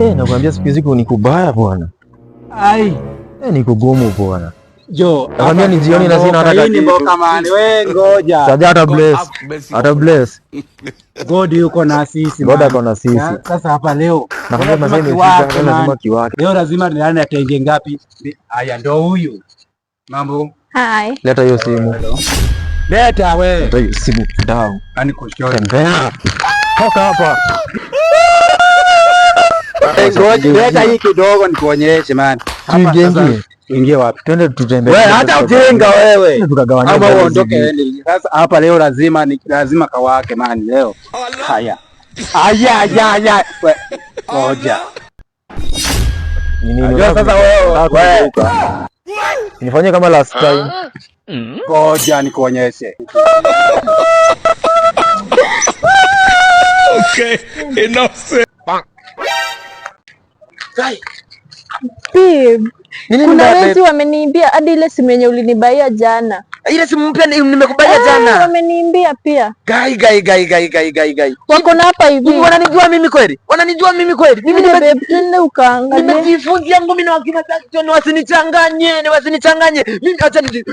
Eh, nakwambia siku hizi ni kubaya bwana. Ai. Eh, ni kugumu bwana. Jo, nakwambia ni jioni na zina hata kitu. Mboka man, wewe ngoja. Sasa hata bless. Hata bless. God yuko na sisi. God yuko na sisi. Sasa hapa leo. Nakwambia mazee imefika lazima kiwake. Leo lazima ndani atenge ngapi? Aya ndo huyu. Mambo. Hai. Leta hiyo simu. Leta wewe. Leta hiyo simu. Down. Ani kushoyo. Tembea. Toka hapa. Leta hii kidogo nikuonyeshe man. Ingie wapi? Twende tutembee. Wewe hata ujinga wewe. Ama uondoke. Sasa hapa leo lazima ni lazima kawake man leo. Haya. Haya haya haya. Ngoja. Unajua sasa wewe. Nifanye kama last ah. time. Mm. Ngoja nikuonyeshe. Okay, enough kuna wezi wameniimbia hadi ile simu yenye ulinibaia jana. Ile simu mpya nimekubaia jana. Wameniimbia pia. Gai gai gai gai gai gai gai. Wako na hapa hivi. Wananijua mimi kweli? Wananijua mimi kweli? Mimi nime ukaangalia. Nimejifunza yangu na wakina Jackson wasinichanganye, ni wasinichanganye. Mimi acha ni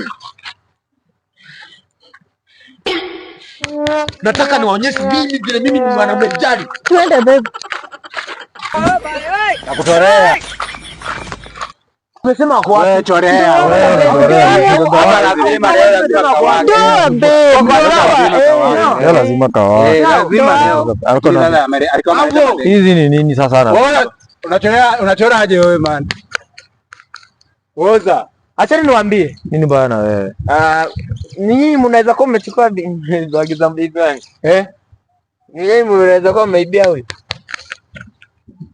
Nataka niwaonyeshe mimi vile mimi ni mwanadamu. Twende babe. Nakutolea. Umesema kwa wewe tolea wewe. Lazima kawaida. Hizi ni nini sasa? Unachora unachora aje wewe man? Oza. Acha niwaambie. Nini baya na wewe? Ah, ninyi mnaweza kuwa mmechukua bagi za mdizi wangu. Eh? Ninyi mnaweza kuwa mmeibia wewe.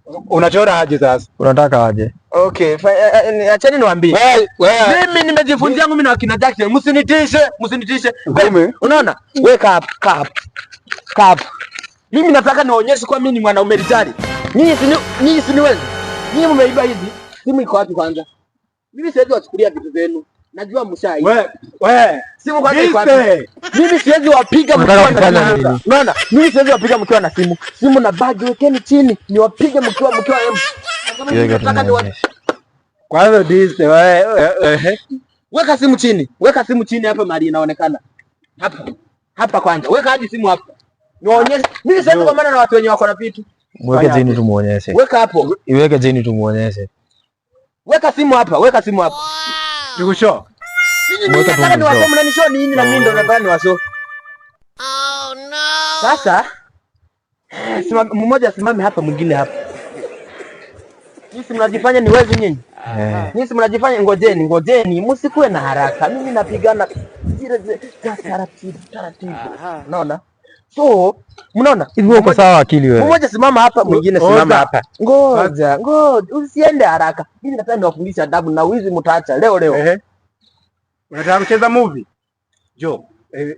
Unachora aje sasa? Unataka aje? Okay, eh, eh, acheni niwaambie. Mimi nimejifunzia yangu mimi na kina Jackson. Msinitishe, msinitishe. Wewe unaona? Wake kap kap. Kap. Mimi nataka nionyeshe kwa mimi ni mwanaume rijali. Nyinyi si nyinyi si wewe. Nyinyi mmeiba hizi. Simu iko wapi kwanza? Mimi siwezi kuchukulia vitu zenu. Najua mshai. Wewe, wewe. Simu kwa wapi? Mimi siwezi wapiga mkiwa Mimi siwezi wapiga mkiwa na simu. Simu na bagi wekeni chini, niwapige mkiwa mkiwa M. Kwa hivyo diste eh, wewe eh, eh, Weka simu chini. Weka simu chini hapa mali inaonekana. Hapa. Hapa kwanza. Weka hadi simu hapa. Nionyeshe. Mimi siwezi kwa maana na watu wenye wako na vitu. Weka chini tumuonyeshe. Weka hapo. Iweke chini tumuonyeshe. Weka simu hapa. Weka simu hapa. Nikushow nataka niwasome mnanishoa oh. oh, Sasa mmoja asimame hapa, mwingine hapa. Nisi mnajifanya ni wezi nyinyi. Eh. Nisi mnajifanya ngojeni, ngojeni, msikuwe na haraka. Mimi napigana taratibu taratibu. Unaona? So, mnaona? Hivi uko sawa akili wewe? Mmoja simama hapa, mwingine simama hapa. Ngoja, ngoja, usiende haraka. Mimi nataka niwafundishe adabu na wizi mtaacha leo leo. Eh. Unataka kucheza movie? Jo. Eh.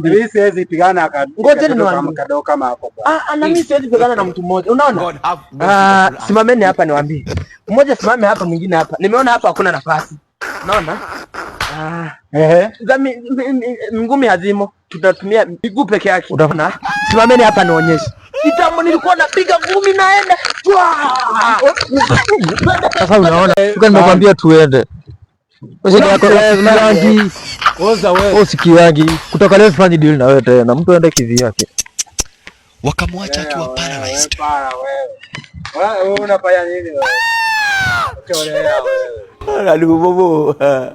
Mimi siwezi pigana kama hapo Ah, ah mimi siwezi pigana na mtu mmoja. Unaona? Ah, simameni hapa niwaambie. Mmoja simame hapa mwingine hapa. Nimeona hapa hakuna nafasi. Unaona? Ah. Ngumi hazimo. Tutatumia miguu peke yake. Unaona? Simameni hapa nionyeshe. Kitambo nilikuwa napiga ngumi naenda. Sasa unaona, uka nimekwambia tuende. Sikiwangi kutoka leo sifanyi deal na wewe tena, mtu aende kivi yake. Wakamwacha akiwa paralyzed. Wewe unafanya nini wewe? Ah!